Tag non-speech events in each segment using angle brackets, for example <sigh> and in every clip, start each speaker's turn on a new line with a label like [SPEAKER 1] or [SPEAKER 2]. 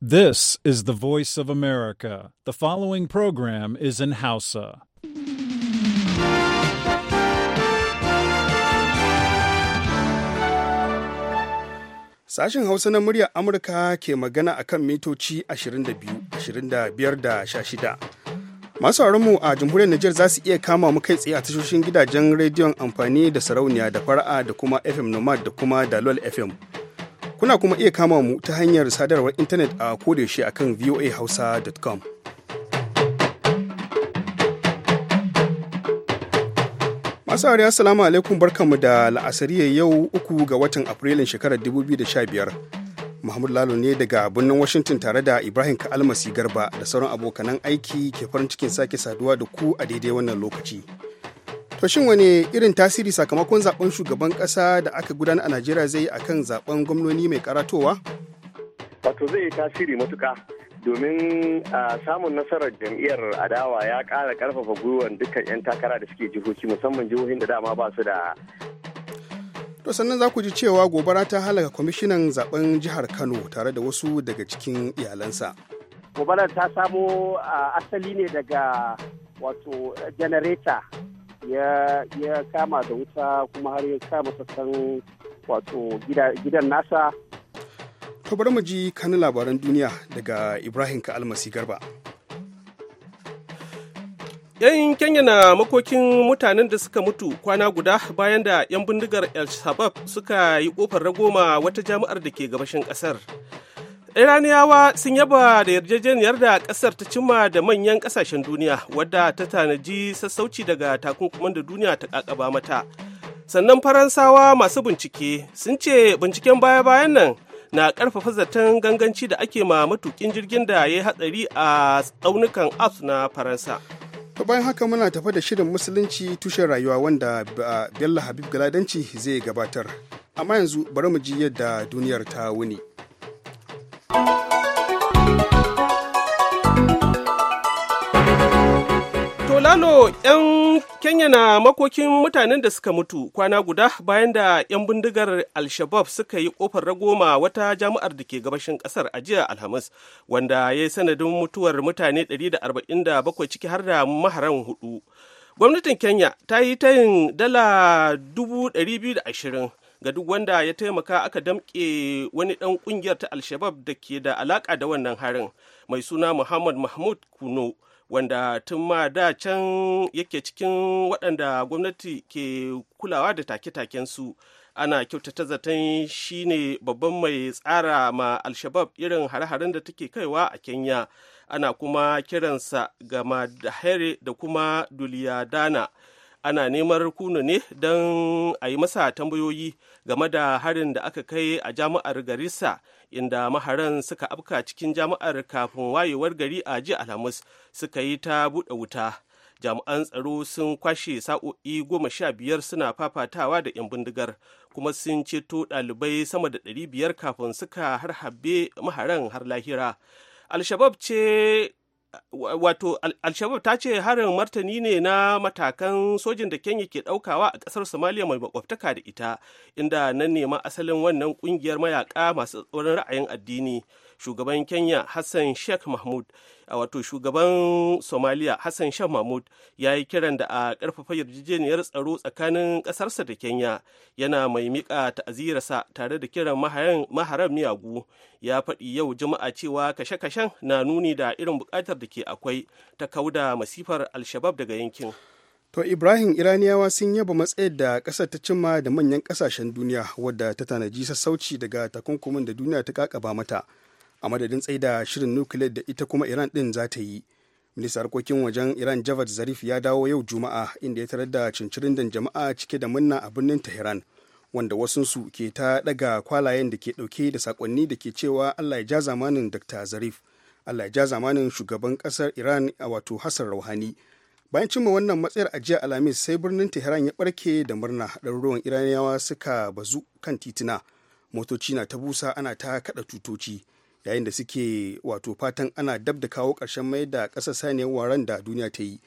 [SPEAKER 1] This is the voice of America. The following program is in Hausa.
[SPEAKER 2] Sashen Hausa na Murya Amurka ke magana a kan mitoci 22, 25 da 16. Masu mu a jamhuriyar Nijar za su iya kama mu kai tsaye a tashoshin gidajen rediyon amfani da sarauniya da fara'a da kuma FM Nomad da kuma Dalol FM. Kuna kuma iya kama mu ta hanyar sadarwar intanet a kodayaushe a kan voahausa.com. Masu aure assalamu alaikum barkanmu da la'asari yau uku ga watan Afrilun shekarar 2015. Muhammadu Lalo ne daga birnin Washington tare da Ibrahim Ka'almasi Garba da sauran abokanan aiki ke farin cikin sake saduwa da ku a daidai wannan lokaci. To shin wani irin tasiri sakamakon zaben shugaban kasa da aka gudana a Najeriya zai yi akan zaben gwamnoni mai karatowa?
[SPEAKER 3] Wato zai yi tasiri matuka domin samun nasarar jam'iyyar adawa ya ƙara ƙarfafa gwiwar dukkan 'yan takara da suke jihohi musamman jihohin da dama ba su da
[SPEAKER 2] To sannan za ku ji cewa gobara ta halaka kwamishinan zaben jihar Kano tare da wasu daga cikin iyalansa.
[SPEAKER 3] Gobarar
[SPEAKER 4] ta samo asali ne daga wato janareta ya kama da wuta kuma har ya kama sassan wato gidan
[SPEAKER 2] nasa to bari mu ji kan labaran duniya daga ibrahim ka almasi garba
[SPEAKER 5] yan kenya na makokin mutanen da suka mutu kwana guda bayan da yan bindigar el shabab suka yi kofar ragoma wata jami'ar da ke gabashin kasar iraniyawa sun yaba da yarjejeniyar da kasar ta cimma da manyan kasashen duniya wadda ta tanaji sassauci daga takunkuman da duniya ta kakaba mata sannan faransawa masu bincike sun ce binciken baya-bayan nan na karfafa zaton ganganci da ake ma matukin jirgin da ya yi hatsari a tsaunukan alps na faransa
[SPEAKER 2] to bayan haka muna tafa da shirin musulunci tushen rayuwa wanda bello habib galadanci zai gabatar amma yanzu bari mu ji yadda duniyar ta wuni
[SPEAKER 5] Tolano 'yan Kenya na makokin mutanen da suka mutu kwana guda bayan da 'yan bindigar Al-Shabab suka yi ƙofar ragoma wata jami'ar da ke gabashin ƙasar a jiya Alhamis, wanda ya yi sanadin mutuwar mutane 147 ciki har da maharan hudu. Gwamnatin Kenya ta yi tayin dala 220 ga duk wanda ya taimaka aka damƙe wani ɗan ƙungiyar ta alshabab da ke da alaƙa da wannan harin mai suna muhammad mahmud kuno wanda tun ma da can yake cikin waɗanda gwamnati ke kulawa da take su ana kyautata zaton shi ne babban mai tsara ma alshabab irin har haren da take kaiwa a kenya ana kuma kiransa gama da da kuma duliyadana dana ana neman kuno ne don a yi masa tambayoyi game da harin da aka kai a jami'ar garissa inda maharan suka afka cikin jami'ar kafin wayewar gari a jiya alhamis suka yi ta buɗe wuta jami'an tsaro sun kwashe sa'o'i goma sha biyar suna fafatawa da 'yan bindigar kuma sun ceto ɗalibai sama da ɗari biyar kafin suka harhabe maharan har lahira alshabab ce wato alshabab ta ce harin martani ne na matakan sojin da kenya ke daukawa a kasar somalia mai makwabtaka da ita inda nan nema asalin wannan kungiyar mayaka masu tsoron ra'ayin addini shugaban kenya hassan sheikh mahmud a wato shugaban somaliya hassan sheikh mahmud ya yi kiran da a karfafa yarjejeniyar tsaro tsakanin kasarsa da kenya yana mai mika ta'azirarsa tare da kiran maharan miyagu ya faɗi yau juma'a cewa kashe-kashen na nuni da irin buƙatar da ke akwai ta kauda masifar alshabab daga yankin
[SPEAKER 2] To Ibrahim Iraniyawa sun yaba matsayar da ƙasar ta cimma da manyan ƙasashen duniya wadda ta tanaji sassauci daga takunkumin da duniya ta kakaba mata a madadin tsaida shirin nukiliyar da ita kuma iran din za ta yi minista harkokin wajen iran javad zarif ya dawo yau juma'a inda ya tarar da cincirindan jama'a cike da murna a birnin tehran wanda su ke ta daga kwalayen da ke dauke da sakonni da ke cewa allah ya ja zamanin dr zarif allah ya ja zamanin shugaban kasar iran a wato hassan rauhani bayan cimma wannan matsayar ajiya alhamis sai birnin tehran ya barke da murna ɗaruruwan iraniyawa suka bazu kan titina motoci na ta busa ana ta kada tutoci yayin da suke wato fatan ana dab da kawo ƙarshen mai da ƙasar saniyar waran da duniya ta yi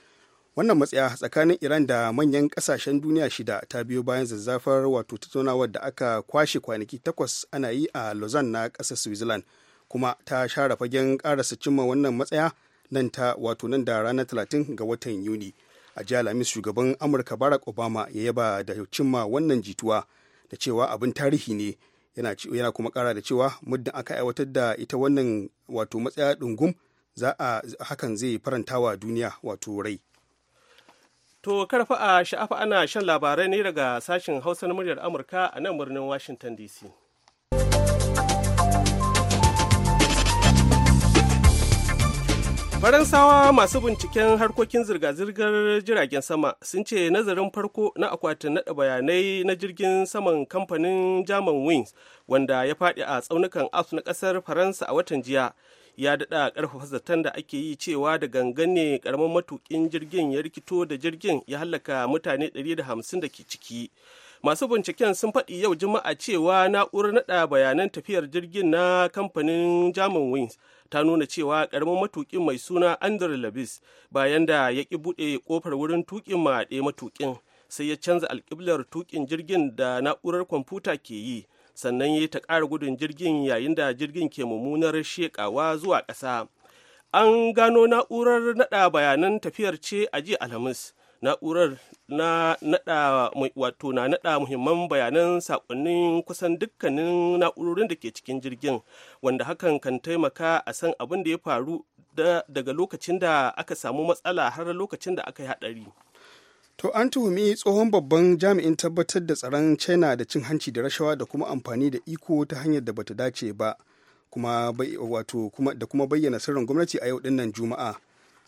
[SPEAKER 2] wannan matsaya tsakanin iran da manyan ƙasashen duniya shida ta biyo bayan zazzafar wato tattaunawar da aka kwashe kwanaki takwas ana yi a lausanne na ƙasar switzerland kuma ta share fagen ƙarasa cimma wannan matsaya nan ta wato nan da ranar talatin ga watan yuni a jiya lamis shugaban amurka barack obama ya yaba da cimma wannan jituwa da cewa abin tarihi ne yana kuma kara da cewa muddin aka aiwatar da ita wannan wato matsaya ɗungum za a hakan zai faranta wa duniya wato rai
[SPEAKER 5] to karfa a sha'afa ana shan labarai ne daga sashen hausa na muryar amurka a nan birnin washington dc Faransawa masu binciken harkokin zirga-zirgar jiragen sama sun ce nazarin farko na akwatin naɗa bayanai na jirgin saman kamfanin German Wings wanda ya faɗi a tsaunukan Alps na ƙasar Faransa a watan jiya ya daɗa ƙarfafa zaton da ake yi cewa da gangan ne ƙaramin matuƙin jirgin ya rikito da jirgin ya hallaka mutane 150 da ke ciki. masu binciken sun faɗi yau juma'a cewa na'urar naɗa bayanan tafiyar jirgin na kamfanin german wings ta nuna cewa karamin matukin mai suna andre labis bayan da ya ki buɗe kofar wurin tukin ma ɗaya matukin sai ya canza alƙiblar tukin jirgin da na'urar kwamfuta ke yi sannan ya ta ƙara gudun jirgin yayin da jirgin ke mummunar sheƙawa zuwa ƙasa an gano na'urar naɗa bayanan tafiyar ce a jiya alhamis na'urar na nada wato na nada muhimman bayanan sakonnin kusan dukkanin na'urorin da ke cikin jirgin wanda hakan kan taimaka a san abin da ya faru daga lokacin da aka samu matsala har lokacin da aka yi hadari
[SPEAKER 2] To an tuhumi tsohon babban jami'in tabbatar da tsaron China da cin hanci da rashawa da kuma amfani da iko ta hanyar da bata dace ba kuma wato kuma da kuma bayyana sirrin gwamnati a yau dinnan Juma'a.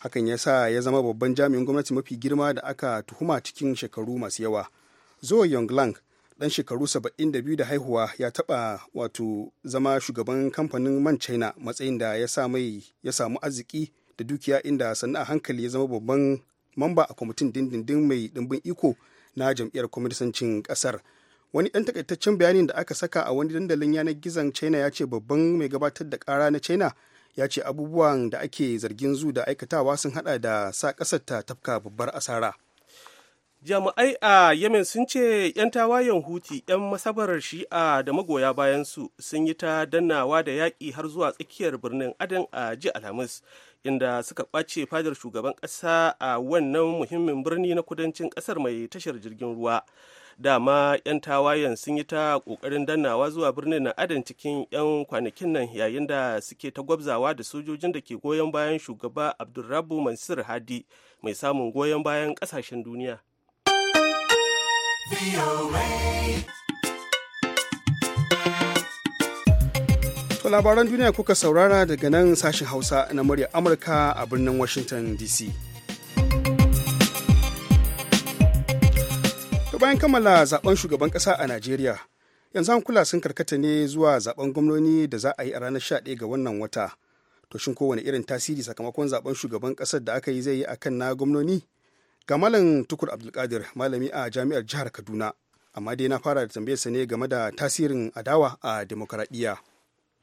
[SPEAKER 2] hakan ya sa ya zama babban jami'in gwamnati mafi girma da aka tuhuma cikin shekaru masu yawa zuwa yonglang dan shekaru 72 da haihuwa ya taba wato zama shugaban kamfanin man china matsayin da ya mai ya samu arziki da dukiya inda sannan hankali ya zama babban mamba a kwamitin dindindin mai dimbin iko na jam'iyyar kwamitancin kasar wani dan takaitaccen bayanin da aka saka a wani dandalin yanar gizon china ya ce babban mai gabatar da kara na china ya ce abubuwan da ake zargin zu da aikatawa sun hada da sa ƙasar ta tafka babbar asara jami'ai
[SPEAKER 5] a yemen sun ce 'yan tawayen huti 'yan masabarar shi'a da magoya bayan su sun yi ta dannawa da yaƙi har zuwa tsakiyar birnin adan a ji alhamis inda suka ɓace fadar shugaban ƙasa a wannan muhimmin birni na kudancin ƙasar mai tashar jirgin ruwa dama 'yan tawayen sun yi ta kokarin dannawa zuwa birnin na adan cikin 'yan kwanakin nan yayin da suke ta gwabzawa da sojojin da ke goyon bayan shugaba abdulrabu mansur hadi mai samun goyon bayan kasashen duniya
[SPEAKER 2] To labaran duniya kuka saurara daga nan sashen Hausa na murya Amurka a birnin Washington DC. bayan kammala zaben shugaban kasa a najeriya yanzu kula sun karkata ne zuwa zaben gwamnoni da za a yi a ranar 11 ga wannan wata to shin kowane irin tasiri sakamakon zaben shugaban kasar da aka yi zai yi akan na gwamnoni ga malam tukur abdulkadir malami a jami'ar jihar kaduna amma dai na fara da tambayarsa ne game da tasirin adawa a demokradiyya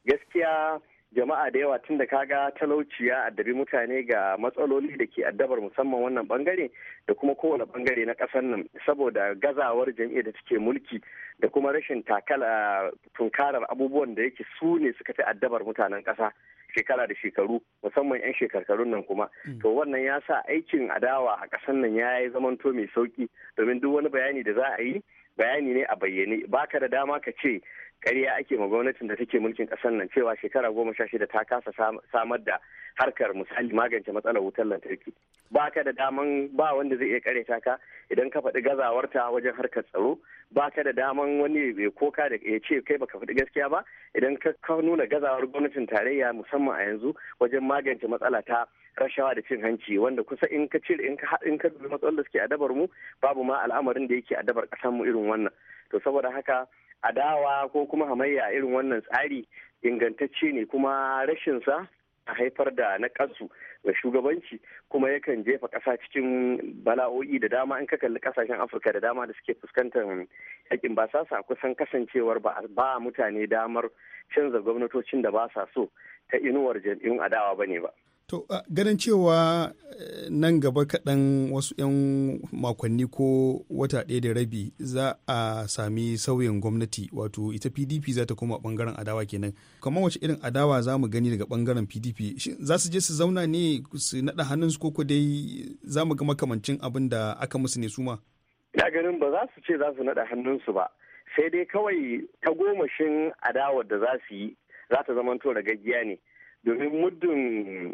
[SPEAKER 3] gaskiya jama'a da yawa tun da kaga talauci ya addabi mutane ga matsaloli da ke addabar musamman wannan bangare da kuma kowane bangare na kasar nan saboda gazawar jam'iyyar da take mulki da kuma rashin takala tunkarar abubuwan da yake su ne suka fi addabar mutanen kasa shekara da shekaru musamman 'yan shekarkarun nan kuma mm. to wannan ya sa aikin adawa a ƙasar nan ya yi zamanto mai sauki domin duk wani bayani da za a yi bayani ne a bayyane baka da dama ka ce kariya ake ma gwamnatin da take mulkin kasar nan cewa shekara goma sha shida ta kasa samar da harkar misali magance matsalar wutar lantarki ba ka da daman ba wanda zai iya ƙareta ka idan ka faɗi gazawarta wajen harkar tsaro ba ka da daman wani ya koka da ya ce kai baka faɗi gaskiya ba idan ka nuna gazawar gwamnatin tarayya musamman a yanzu wajen magance matsala ta rashawa da cin hanci wanda kusa in ka cire in ka in ka matsalar da suke adabar mu babu ma al'amarin da yake adabar kasar mu irin wannan to saboda haka adawa ko kuma hamayya irin wannan tsari ingantacce ne kuma rashinsa a haifar da na kansu ga shugabanci kuma yakan jefa ƙasa cikin bala'o'i da dama in ka kalli ƙasashen afirka da dama da suke fuskantar yakin ba sasa kusan kasancewar ba mutane damar canza gwamnatocin da ba sa so ta inuwar jam'iyyun adawa ba ne ba.
[SPEAKER 2] To uh, ganin cewa eh, nan gaba kaɗan wasu 'yan makonni ko wata ɗaya da rabi za a sami sauyin gwamnati wato ita PDP za ta koma ɓangaren adawa kenan. Kamar wace irin adawa za mu gani daga ɓangaren PDP? Za su je su zauna ne su naɗa hannunsu ko dai za mu ga makamancin abin da aka musu ne suma?
[SPEAKER 3] Ina ganin ba za su ce za su naɗa hannunsu ba. Sai dai kawai ta gomashin adawar da za su yi za ta zamanto ragaggiya ne. domin muddin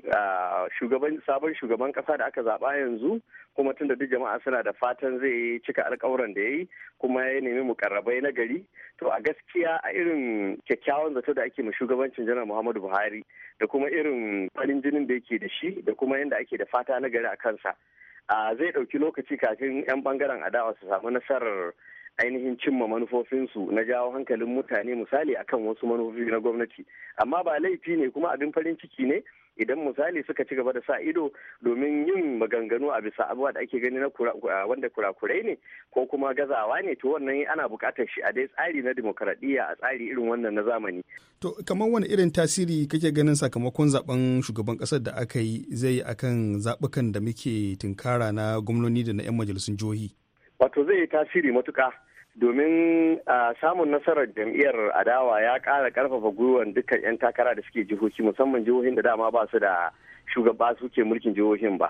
[SPEAKER 3] shugaban sabon shugaban kasa da aka zaba yanzu kuma tunda duk jama'a suna da fatan zai cika alkawuran da ya yi kuma ya nemi mukarrabai na gari to a gaskiya a irin kyakkyawan zato da ake ma shugabancin janar muhammadu buhari da kuma irin farin jinin da yake da shi da kuma yadda ake da fata na gari a kansa zai ɗauki lokaci kafin 'yan bangaren adawa su samu nasarar ainihin cimma manufofinsu na jawo hankalin mutane misali akan wasu manufofi na gwamnati amma ba laifi ne kuma abin farin ciki ne idan misali suka ci gaba da sa ido domin yin maganganu a bisa abubuwa da ake gani na wanda kurakurai ne ko kuma gazawa ne to wannan ana bukatar shi a dai tsari na demokaradiyya a tsari irin wannan na zamani.
[SPEAKER 2] To kamar wani irin tasiri kake ganin sakamakon zaben shugaban kasar da aka yi zai yi akan zabukan da muke tinkara na gwamnoni da na 'yan majalisun jihohi?
[SPEAKER 3] Wato zai yi tasiri matuka. domin samun nasarar jam'iyyar adawa ya kara karfafa gwiwar dukkan 'yan takara da suke jihohi musamman jihohin da dama ba su da shugaba suke mulkin jihohin ba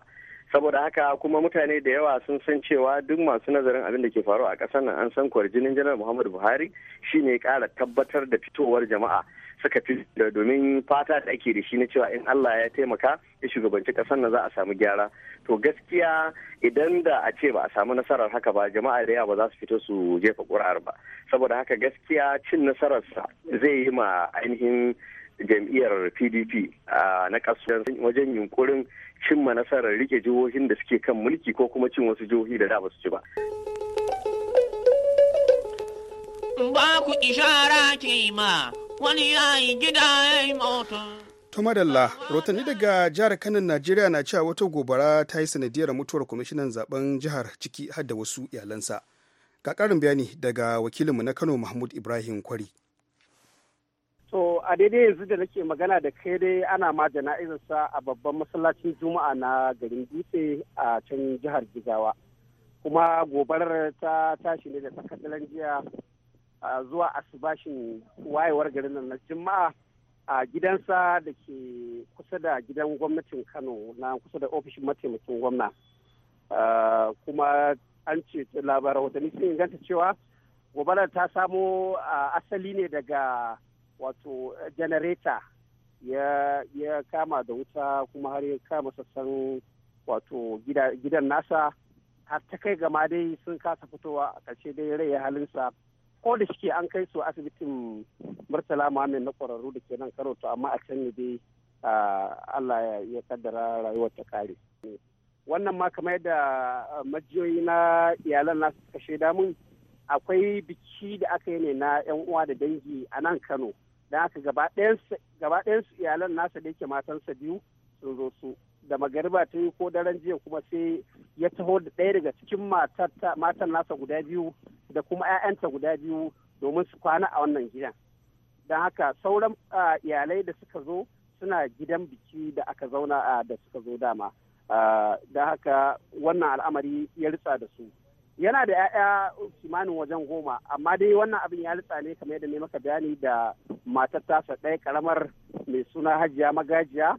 [SPEAKER 3] saboda haka kuma mutane da yawa sun san cewa duk masu nazarin abin da ke faruwa a ƙasar nan an san kwarjinin janar muhammadu buhari shine kara tabbatar da fitowar jama'a suka fi domin fata da ake da shi na cewa in Allah ya taimaka ya shugabanci kasar na za a samu gyara to gaskiya idan da a ce ba a samu nasarar haka ba jama'a da yawa ba za su fito su jefa ƙuri'ar ba saboda haka gaskiya cin nasararsa zai yi ma ainihin jam'iyyar pdp na kasuwan wajen yunkurin cimma nasarar rike jihohin da suke kan mulki ko kuma cin wasu jihohi da da ba su ci ba
[SPEAKER 6] ba ku ishara ke ma wani yayi gida ya yi mota.
[SPEAKER 2] To madalla, rotanni daga jihar Kanan Najeriya na cewa wata gobara ta yi sanadiyar mutuwar kwamishinan zaben jihar ciki hadda wasu iyalansa. Ga karin bayani daga wakilinmu na Kano Mahmud Ibrahim Kwari.
[SPEAKER 4] To a daidai yanzu da nake magana da kai dai ana ma jana'izarsa a babban masallacin Juma'a na garin Dutse a can jihar Jigawa. Kuma gobarar ta tashi ne da sakatalan jiya zuwa asibashin wayewar garin nan na juma'a a gidansa da ke kusa da gidan gwamnatin kano na kusa da ofishin mataimakin gwamna kuma an ce labarai watanni sun inganta cewa gobarar ta samo asali ne daga wato janareta ya kama da wuta kuma har ya kama sassan wato gidan nasa har ta kai gama dai sun kasa fitowa a ƙarshe dai rai halinsa ko da shike an kai su asibitin murtala muhammed na kwararru da ke nan karo to amma a can ne dai allah ya kaddara rayuwar ta kare wannan ma kamar yadda majiyoyi na iyalan nasu suka shaida mun akwai biki da aka yi ne na yan uwa da dangi a nan kano don aka gaba ɗayansu iyalan nasa da yake matansa biyu sun zo su da magariba ta yi ko daren jiya kuma sai ya taho da ɗaya daga cikin matan nasa guda biyu da kuma 'ya'yanta guda biyu domin su kwana a wannan gidan don haka sauran iyalai da suka zo suna gidan biki da aka zauna da suka zo dama don haka wannan al'amari ya ritsa da su yana da 'ya'ya kimanin wajen goma amma dai wannan abin ya ritsa ne kamar yadda ne maka bayani da matar tasa ɗaya karamar mai suna hajiya magajiya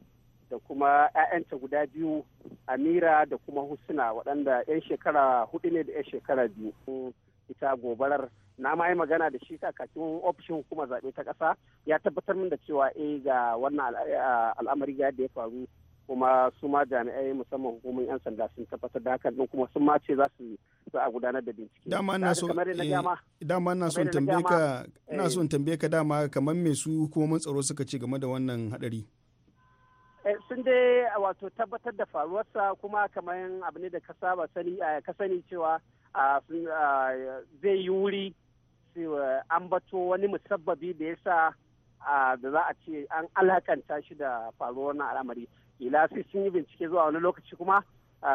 [SPEAKER 4] da kuma 'ya'yanta guda biyu amira da kuma husna waɗanda 'yan shekara hudu ne da 'yan shekara biyu ita gobarar na ma yi magana da shi kakakin ofishin hukumar zaɓe ta ƙasa ya tabbatar min da cewa eh ga wannan al'amari ya da ya faru kuma su ma jami'ai musamman hukumar 'yan sanda sun tabbatar da hakan kuma sun ma ce za su za a gudanar da
[SPEAKER 2] bincike dama ina so dama tambaye ka dama kamar me su hukumomin tsaro suka ce game da wannan hadari
[SPEAKER 4] Eh, sun dai wato tabbatar da faruwarsa kuma kamar abu ne da ka saba sani eh, ka sani cewa ah, ah, zai yi wuri eh, ambato wani musabbabi da ya sa ah, da za a ce an alakanta shi da faruwar na al'amari ila sai sun yi bincike zuwa wani lokaci kuma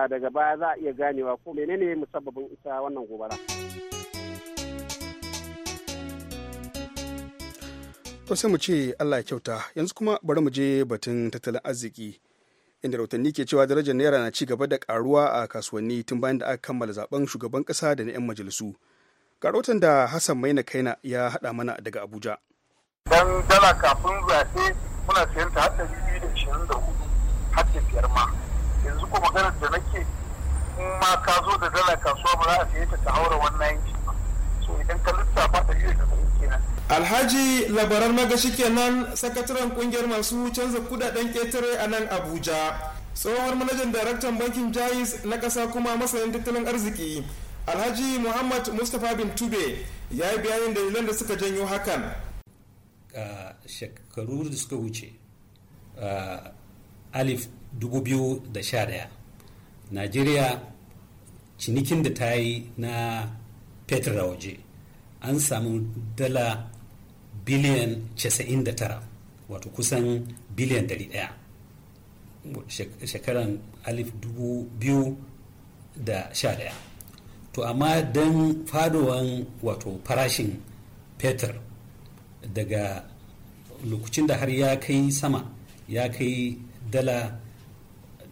[SPEAKER 4] daga baya za a iya ganewa ko menene musabbabin ita wannan gobara.
[SPEAKER 2] to sai mu ce allah ya kyauta yanzu kuma bari mu je batun tattalin arziki inda rautanni ke cewa darajar naira na ci gaba da karuwa a kasuwanni tun bayan da aka kammala zaben shugaban kasa da na 'yan majalisu ga da hassan maina kaina ya hada mana daga abuja dan
[SPEAKER 4] dala kafin zaɓe muna siyan ta har biyu da ishirin da hudu har da biyar ma yanzu ko maganar da nake in ma ka zo da dala kasuwa ba za a siye ta ta haura
[SPEAKER 2] wannan
[SPEAKER 3] yanki ba so idan ka
[SPEAKER 2] lissafa ɗari da kenan alhaji labaran magashi kenan sakataren kungiyar masu canza kudaden ketare a nan abuja tsohon manajan daraktan bankin jais na ƙasa kuma masanin tattalin arziki alhaji muhammad mustapha bin tube ya yi bayanin dalilan da suka janyo hakan
[SPEAKER 7] a shekaru da suka wuce alif 2011 najeriya cinikin da ta yi na petra waje an samu dala biliyan 99 wato kusan biliyan 100 shekaran alif biyu da sha daya to amma don fadowan wato farashin fetur daga lokacin da har ya kai sama ya kai dala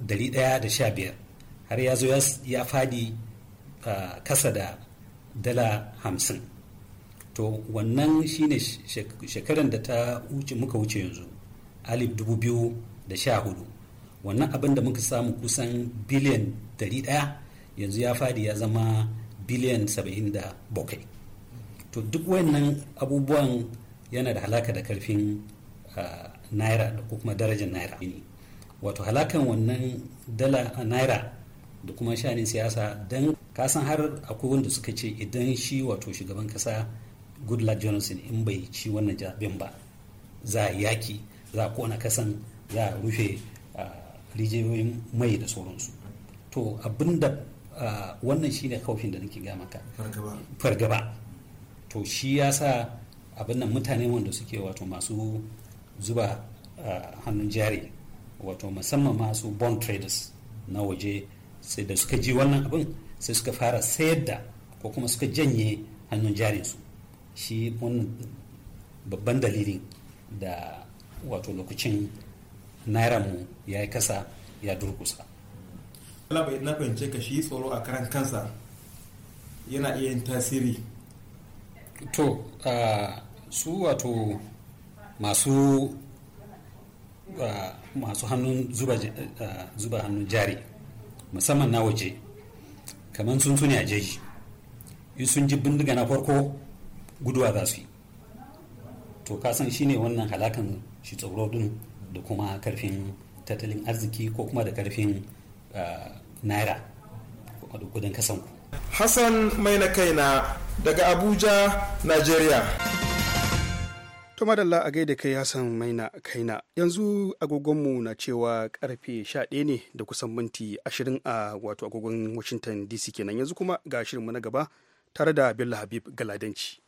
[SPEAKER 7] 115 har ya zo ya fadi ah, kasa da dala 50 to wannan shine shekaran da ta wuce muka wuce yanzu alif dubu biyu da sha hudu wannan abin da muka samu kusan biliyan dari daya yanzu ya fadi ya zama biliyan saba'in da bakwai to duk wannan abubuwan yana da halaka da karfin naira ko kuma darajar naira wato halakan wannan dala naira da kuma shanin siyasa don kasan har akwai wanda suka ce idan shi wato shugaban kasa goodluck johnson in bai ci wannan zaben ba za a yaki za a kona kasan za a rufe ah, rijiyoyin mai da sauransu to abinda ah, wannan shine kaufin da nake ga maka fargaba to shi ya sa abin nan mutane wanda suke wato masu zuba ah, hannun jari wato musamman masu bond traders na waje sai da suka ji wannan abin sai suka fara sayar da ko kuma suka janye hannun jarinsu shi wannan babban dalilin da wato lokacin mu ya yi kasa ya durkusa
[SPEAKER 5] labai na fahimce ka shi tsoro a karan kansa yana
[SPEAKER 7] iya yin tasiri to su wato masu masu hannun zuba hannun jari musamman na waje kamar sun sune a jeji in sun ji bindiga na farko guduwa za su yi to kasan shine wannan halakan shi tsoro din da kuma karfin tattalin arziki ko kuma da karfin ah, naira da kudin ku hassan mai na
[SPEAKER 2] kaina daga abuja nigeria To madalla a gaida kai Hassan Maina kaina yanzu agogonmu na cewa karfe 11 ne da kusan minti 20 a wato agogon Washington DC kenan yanzu kuma ga shirinmu na gaba tare da Bello Habib Galadanci.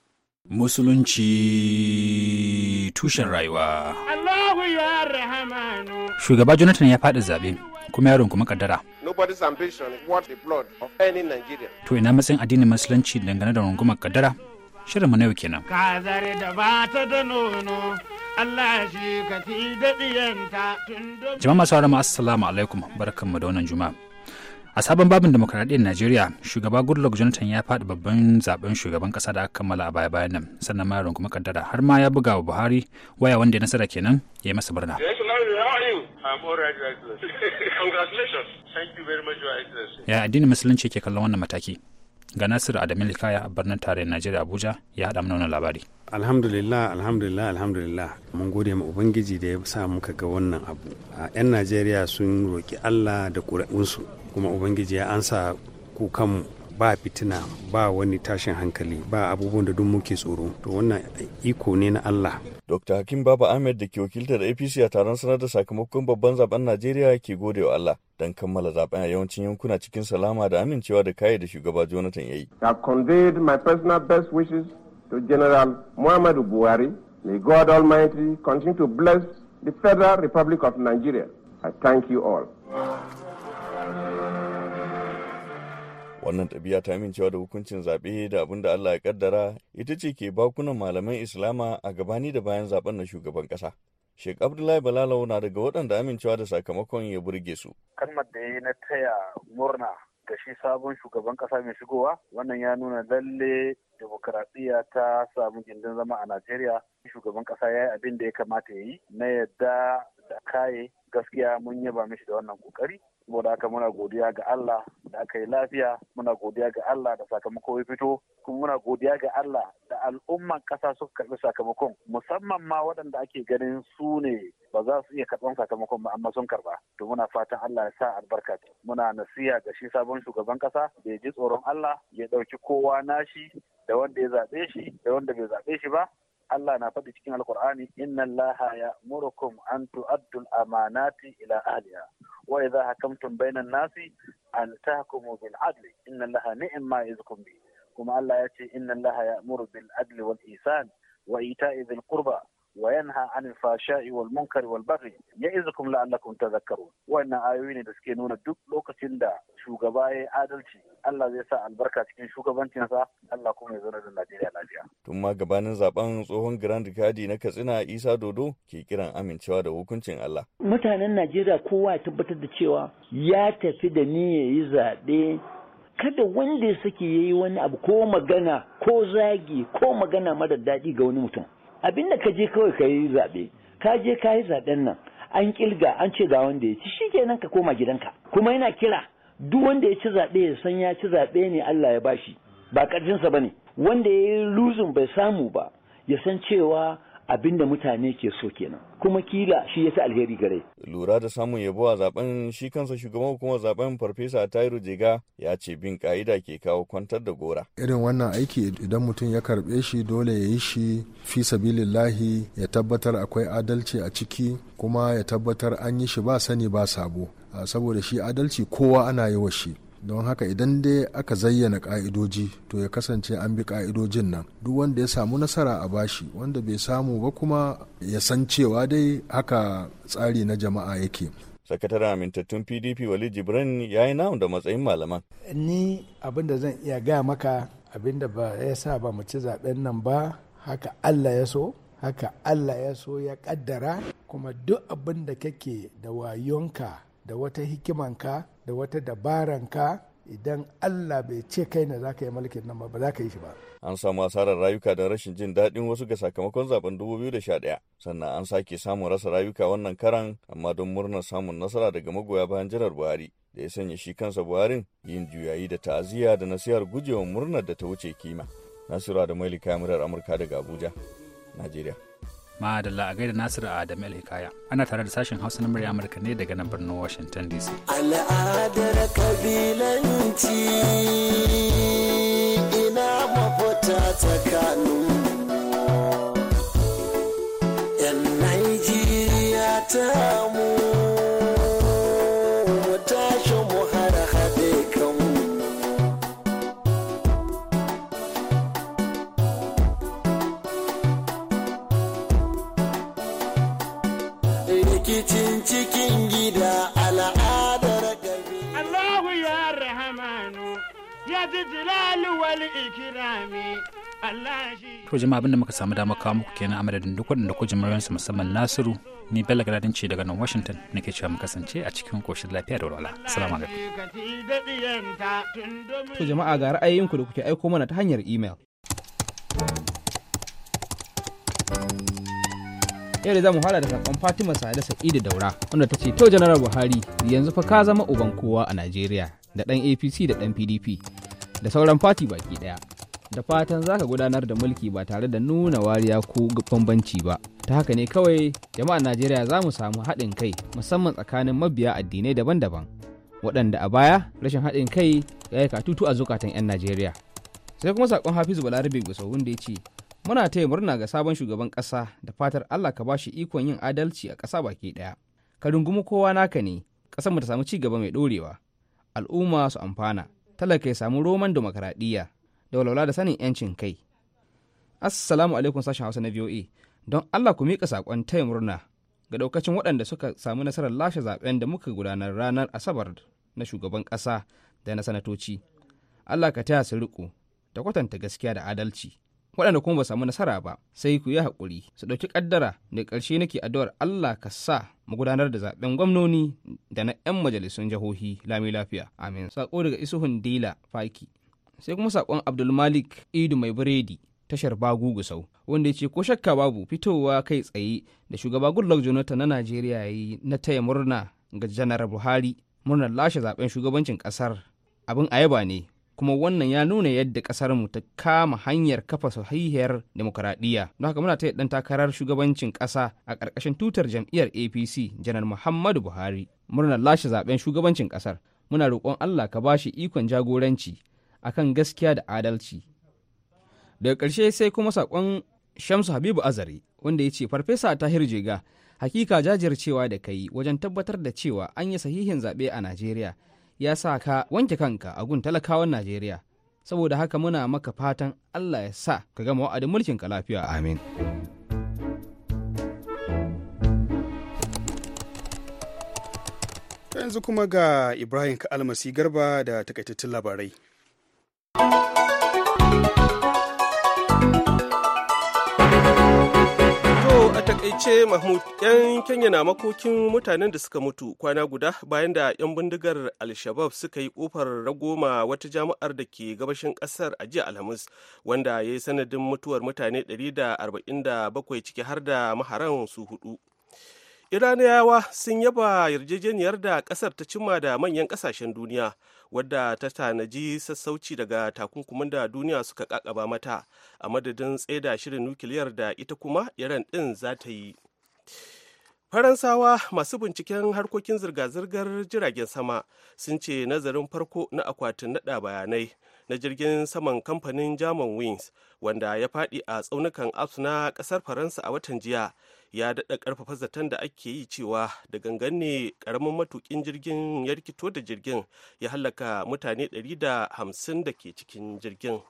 [SPEAKER 1] Musulunci tushen rayuwa.
[SPEAKER 2] Allahu
[SPEAKER 8] ya rahamanu.
[SPEAKER 1] Shugaba Jonathan ya faɗi zaɓe kuma yaron kuma kaddara.
[SPEAKER 2] Nobody's ambition is worth the blood of any Nigerian.
[SPEAKER 1] To ina matsayin addinin Musulunci dangane da rungumar kaddara? mu na yau kenan.
[SPEAKER 8] Kazare da bata da nono. Allah shi ka fi da tun
[SPEAKER 1] Jama'a masu haramu assalamu alaikum barkanmu da wannan juma'a. a sabon babin demokradiyyar najeriya shugaba goodluck jonathan ya faɗi babban zaben shugaban ƙasa da aka kammala a baya bayan nan sannan ma rungumi kaddara har ma ya buga wa buhari waya wanda ya nasara kenan ya yi masa murna. <laughs> ya addinin musulunci ke kallon wannan mataki ga nasiru adamu likaya a birnin tarayyar najeriya abuja ya haɗa mana wannan labari
[SPEAKER 2] alhamdulillah alhamdulillah alhamdulillah mun gode ma ubangiji da ya sa muka ga wannan abu a 'yan najeriya sun roki allah da ƙuri'unsu kuma ubangiji ya ansa kukanmu ba fitina ba wani
[SPEAKER 9] tashin hankali ba abubuwan da duk muke tsoro to wannan iko ne na Allah. Dr. Hakim Baba Ahmed da ke wakiltar APC a taron sanar da sakamakon babban zaben Najeriya ke gode wa Allah don kammala zaben a yawancin yankuna cikin salama da amincewa da kaye da shugaba Jonathan yayi.
[SPEAKER 4] I conveyed my personal best wishes to General Muhammadu Buhari. May God Almighty continue to bless the Federal Republic of Nigeria. I thank you all.
[SPEAKER 9] wannan ɗabi'a ta amincewa da hukuncin zaɓe da abin da Allah ya kaddara ita ce ke bakunan malaman Islama a gabani da bayan zaɓen na shugaban ƙasa. Sheikh Abdullahi Balalau na daga waɗanda amincewa da sakamakon ya burge su.
[SPEAKER 8] Kalmar da ya na taya murna ga shi sabon shugaban ƙasa mai shigowa wannan ya nuna lalle demokaradiyya ta samu gindin zama a Najeriya. Shugaban ƙasa ya yi abin da ya kamata ya yi na yadda da kaye gaskiya mun yaba mishi da wannan kokari saboda haka muna godiya ga Allah da aka yi lafiya muna godiya ga Allah da sakamako ya fito kuma muna godiya ga Allah da al'umman ƙasa suka karbi sakamakon musamman ma waɗanda ake ganin su ne ba za su iya karɓan sakamakon ba amma sun karɓa to muna fatan Allah ya sa albarka muna nasiha ga shi sabon shugaban ƙasa da ya ji tsoron Allah ya ɗauki kowa nashi da wanda ya zaɓe shi da wanda bai zaɓe shi ba الله نا فدي في القران ان الله يامركم ان تؤدوا الامانات الى اهلها واذا حكمتم بين الناس ان تحكموا بالعدل ان الله نعم ما يزكم به كما الله ياتي ان الله يامر بالعدل والإيسان وايتاء ذي القربى وينهى عن الفحشاء والمنكر والبغي يعظكم لعلكم تذكرون وان ne da suke nuna duk lokacin da shugaba ya adalci Allah zai sa albarka cikin sa Allah kuma ya zo da Najeriya
[SPEAKER 9] lafiya. Tun ma gabanin zaben tsohon Grand Kadi na Katsina Isa Dodo ke kiran amincewa da hukuncin Allah.
[SPEAKER 8] Mutanen Najeriya kowa ya tabbatar da cewa ya tafi da ni yayi zaɓe kada wanda ya yayi wani abu ko magana ko zagi ko magana mara daɗi ga wani mutum. abin da ka je kawai ka yi zaɓe ka je ka yi zaɓen nan an kilga an ce ga wanda ya ci shi kenan ka koma gidanka kuma yana kira duk wanda ya ci zaɓe ya san ya ci zaɓe ne Allah ya bashi ba ƙarfinsa ba ne wanda ya yi luzin bai samu ba ya san cewa abin da mutane ke so kenan
[SPEAKER 9] kuma kila shi ya yasa alheri gare lura da samun yabo a zaben shi kansa shugaban hukumar zaben farfesa Tairu Jega ya ce bin ka'ida ke kawo kwantar da gora
[SPEAKER 8] irin
[SPEAKER 2] wannan aiki idan mutum ya karbe shi dole ya yi shi fi sabilillahi ya tabbatar akwai adalci a ciki kuma ya tabbatar an yi shi ba sani ba sabo saboda shi adalci kowa ana yi wa shi don haka idan dai aka zayyana ka'idoji to ya kasance
[SPEAKER 9] an bi ka'idojin nan duk wanda ya samu nasara a bashi wanda bai samu ba kuma ya san cewa dai haka tsari na jama'a yake sakataren amintattun pdp wali jibran ya yi namu da matsayin malaman
[SPEAKER 2] ni abin da zan iya gaya maka abin da ba ya sa ba mu ci zaɓen nan ba haka allah ya so haka allah ya so ya kaddara kuma duk abin da kake da wayonka da wata hikimanka da wata dabaran ka idan Allah bai ce kai ne za ka yi mulkin nan ba za
[SPEAKER 9] ka yi shi ba. An samu asarar rayuka don rashin jin daɗin wasu ga sakamakon zaben 2011 sannan an sake samun rasa rayuka wannan karan amma don murnar samun nasara daga magoya bayan janar Buhari da ya sanya shi kansa Buharin yin juyayi da ta'aziyya da nasihar gujewa murnar da ta wuce kima. Nasiru da Maili Kamilar Amurka daga Abuja, Najeriya.
[SPEAKER 1] Madalla a gaida Nasiru a Adamu Hikaya. Ana tare da sashen Hausa na murya Amurka ne daga nan birnin Washington DC.
[SPEAKER 8] Al'adar kabilanci ina ta tsakanin ‘yan Najeriya ta
[SPEAKER 1] To jama'a abinda muka samu dama kawo muku kenan a madadin duk waɗanda ku jimirinsu musamman Nasiru ni Bello gadadin ce daga nan Washington nake cewa mu kasance a cikin koshin lafiya da walwala. Assalamu alaikum.
[SPEAKER 6] To jama'a ga ra'ayoyinku da kuke aiko mana ta hanyar email. yau da za mu fara da sakon Fatima Sa'ada Sa'idu Daura wanda ta ce to Janaral Buhari yanzu fa ka zama uban kowa a Najeriya da ɗan APC da ɗan PDP da sauran fati baki ɗaya. Da fatan za ka gudanar da mulki ba tare da nuna wariya ko bambanci ba. Ta haka ne kawai jama'an Najeriya za mu samu haɗin kai musamman tsakanin mabiya addinai daban-daban. Waɗanda a baya rashin haɗin kai ya yi katutu a zukatan 'yan Najeriya. Sai kuma saƙon Hafizu Balarabe Gusau wanda ya ce, Muna taya murna ga sabon shugaban ƙasa da fatar Allah ka ba shi ikon yin adalci a ƙasa baki ɗaya. Ka rungumi kowa naka ne, ƙasar mu ta samu ci gaba mai ɗorewa. Al'umma su amfana, talaka ya samu roman demokaradiyya da walwala da sanin 'yancin kai. Assalamu alaikum sashen Hausa na VOA. Don Allah ku miƙa saƙon taya murna ga ɗaukacin waɗanda suka samu nasarar lashe zaɓen da muka gudanar ranar Asabar na shugaban ƙasa da na sanatoci. Allah ka taya su riƙo da kwatanta gaskiya da adalci. waɗanda kuma ba samu nasara ba sai ku yi haƙuri su ɗauki ƙaddara da ƙarshe nake addu'ar Allah ka sa mu gudanar da zaɓen gwamnoni da na 'yan majalisun jihohi lami lafiya amin sako daga isuhun dila faki sai kuma sakon malik idu mai biredi tashar bagu gusau wanda ya ce ko shakka babu fitowa kai tsaye da shugaba goodluck jonathan na najeriya ya yi na taya murna ga janar buhari murnar lashe zaben shugabancin kasar abin ayaba ne kuma wannan ya nuna yadda ƙasarmu ta kama hanyar kafa sahihiyar demokuraɗiyya don haka muna ta ɗan takarar shugabancin ƙasa a ƙarƙashin tutar jam'iyyar apc janar muhammadu buhari murnar lashe zaben shugabancin ƙasar muna roƙon allah ka bashi ikon jagoranci akan gaskiya da adalci daga ƙarshe sai kuma sakon shamsu habibu azare wanda ya ce farfesa tahir jega hakika jajircewa da kai wajen tabbatar da cewa an yi sahihin zaɓe a najeriya ya sa ka wanke kanka a gun talakawan Najeriya. Saboda haka muna maka fatan Allah ya sa ka gama wa'adin mulkin ka lafiya amin. Yanzu kuma ga
[SPEAKER 2] Ibrahim ka Almasi Garba da takaitattun labarai.
[SPEAKER 5] takaice mahmud yan kenya na makokin mutanen da suka mutu kwana guda bayan da yan bindigar alshabab suka yi kofar ragoma wata jami'ar da ke gabashin kasar a jiya alhamis wanda ya yi sanadin mutuwar mutane 147 ciki har da maharan su hudu iraniyawa sun yaba yarjejeniyar da kasar ta cimma da manyan kasashen duniya wadda ta tanaji sassauci daga takunkumin da duniya suka kakaba mata a madadin tsaida shirin nukiliyar da ita kuma iran din za ta yi faransawa masu binciken harkokin zirga-zirgar jiragen sama sun ce nazarin farko na akwatin nada bayanai na jirgin saman kamfanin german wings wanda ya faɗi a tsaunukan alps na ƙasar faransa a watan jiya ya daɗa ƙarfafa zaton da ake yi cewa da gangan ne ƙaramin matukin jirgin ya rikito da jirgin ya halaka mutane 150 da ke cikin jirgin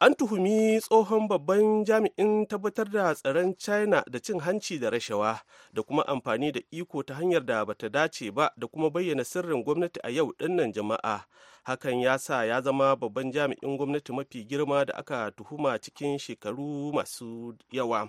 [SPEAKER 5] an tuhumi tsohon babban jami'in tabbatar da tsaron china da cin hanci da rashawa da kuma amfani da iko ta hanyar da bata dace ba da kuma bayyana sirrin gwamnati a yau dinnan jama'a hakan ya sa ya zama babban jami'in gwamnati mafi girma da aka tuhuma cikin shekaru masu yawa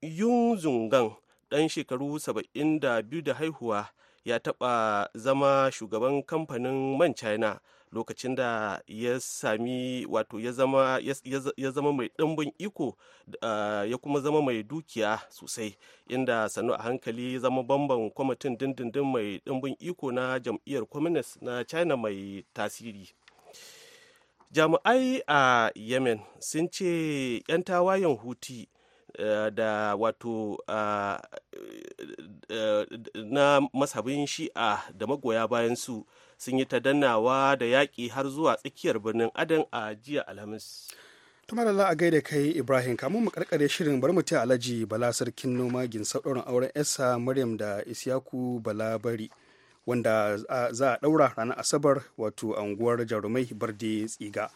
[SPEAKER 5] yun zungan ɗan shekaru 72 da haihuwa ya taɓa zama shugaban kamfanin man china lokacin da ya sami wato ya zama mai ɗimbin iko ah, ya kuma zama mai dukiya sosai inda sannu a hankali ya zama bamban kwamitin dindindin mai ɗimbin iko na jam'iyyar communist na china mai tasiri jami'ai a yemen sun ce 'yan tawayen huti eh, da wato ah, eh, eh, na masabin shi'a da magoya bayan su sun yi ta dannawa da yaƙi har zuwa tsakiyar birnin adan a jiya alhamis
[SPEAKER 2] tumar Allah a gaida kai Ibrahim kamun mu karkare shirin bari mu ta Alhaji Bala sarkin noma ginsa sauran auren Esa Maryam da isyaku Bala Bari wanda za a daura ranar Asabar wato a unguwar Jarumai Barde Tsiga.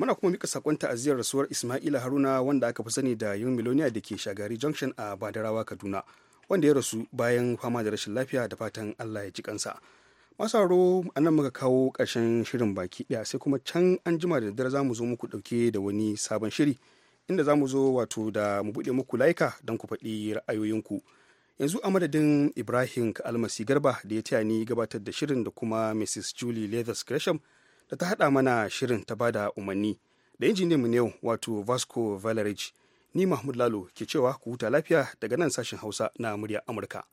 [SPEAKER 2] Muna kuma mika a ta'aziyar rasuwar Ismaila Haruna wanda aka fi sani da Yun Miloniya da ke Shagari Junction a Badarawa Kaduna wanda ya rasu bayan fama da rashin lafiya da fatan Allah ya ji kansa. masaro a nan muka kawo ƙarshen shirin baki ɗaya sai kuma can an jima da daddare za mu zo muku ɗauke da wani sabon shiri inda za mu zo wato da mu buɗe muku laika don ku faɗi ra'ayoyinku yanzu a madadin ibrahim almasi garba da ya taya ni gabatar da shirin da kuma mrs julie leathers gresham da ta haɗa mana shirin ta bada umarni da injiniyan mu yau wato vasco valerich ni mahmud lalo ke cewa ku huta lafiya daga nan sashen hausa na murya amurka